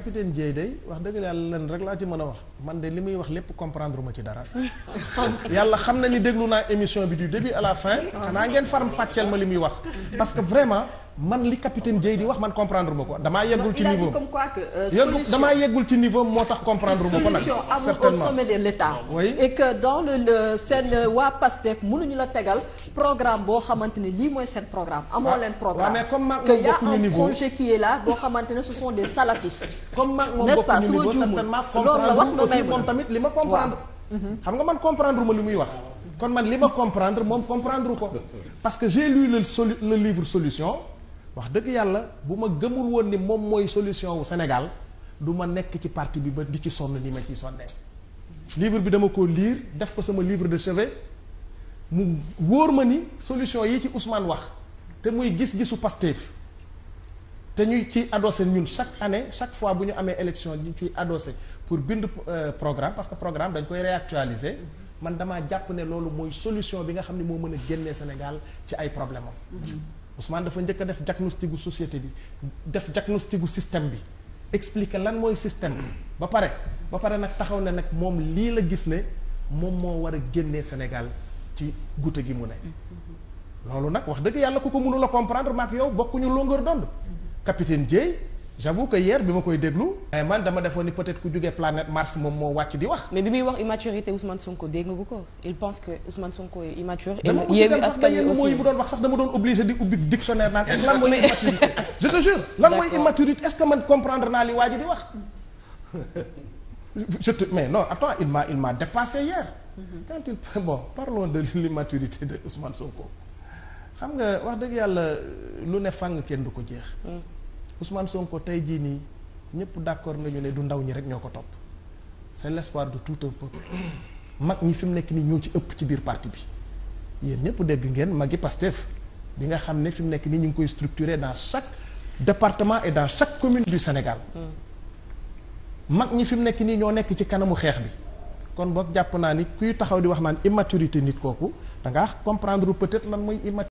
capitaine Dieye day wax dëgg yàlla lan rek laa ci mën a wax man de li muy wax lépp comprendre ma ci dara. yàlla xam na ni déglu naa émission bi du début à la fin. Ah. xanaa ngeen faram fàcceel ma li muy wax. parce vraiment man li capitaine Dieye di wax man comprendre ma ko damaa euh, yeggul ci niveau comme moo tax comprendre ma ko nag solution amul au sommet de euh, xamante ne lii mooy seen programme ah, amoo leen programme mais comme maag moom a un projet qui est mm-hmm. xam nga man comprendre ma li muy wax kon man li ma comprendre moom comprendre ko parce que j'ai lu le livre solution wax dëgg yàlla bu ma gëmul woon ni moom mooy solution wu Sénégal du ma nekk ci parti bi ba di ci sonn ni ma ci sonnee livre bi dama ko liir def ko sama livre de chevet mu wóor ma ni solution yi ci Ousmane wax te muy gis-gisu Pastef te ñuy ciy adossé ñun chaque année chaque fois bu ñu amee élection ñu ciy adossé pour bind euh, programme parce que programme dañ koy réactualiser man damaa jàpp ne loolu mooy solution bi nga xam ne moo mën a génnee Sénégal ci ay problème am Ousmane dafa njëkk a def diagnostic gu société bi def diagnostic système bi expliquer lan mooy système bi ba pare ba pare nag taxaw ne nag moom lii la gis ne moom moo war a génnee Sénégal ci guute gi mu ne. loolu nag wax dëgg yàlla ku ko mënul a comprendre maak yow bokkuñu longueur d'onde. capitaine Dièye. j'avoue que hier bi ma koy déglu. man dama defoon ni peut-être ku jógee planète Mars moom moo wàcc di wax. mais bi muy wax immaturité Ousmane Sonko dégg nga ko il pense que Ousmane Sonko wax sax dama doon obligé di ubbi dictionnaire naan est-ce lan mooy immaturité. je te jure lan mooy immaturité est-ce que man comprendre naa li waa ji di wax. xam nga wax dëgg yàlla lu ne fàng kenn du ko jeex. Mm. Ousmane Sonko tey jii nii ñëpp d'accord nañu ne du ndaw ñi rek ñoo ko topp c'est l'espoir de tout un mag ñi fi mu nekk nii ñoo ci ëpp ci biir parti bi yéen ñëpp dégg ngeen magi Pastef bi nga xam ne fi mu nekk nii ñu ngi koy structurer dans chaque département et dans chaque commune du Sénégal. Mm. mag ñi fi mu nekk nii ñoo nekk ci kanamu xeex bi. kon boog jàpp naa ni kuy taxaw di wax naan immaturité nit kooku da ngaa comprendre lan mooy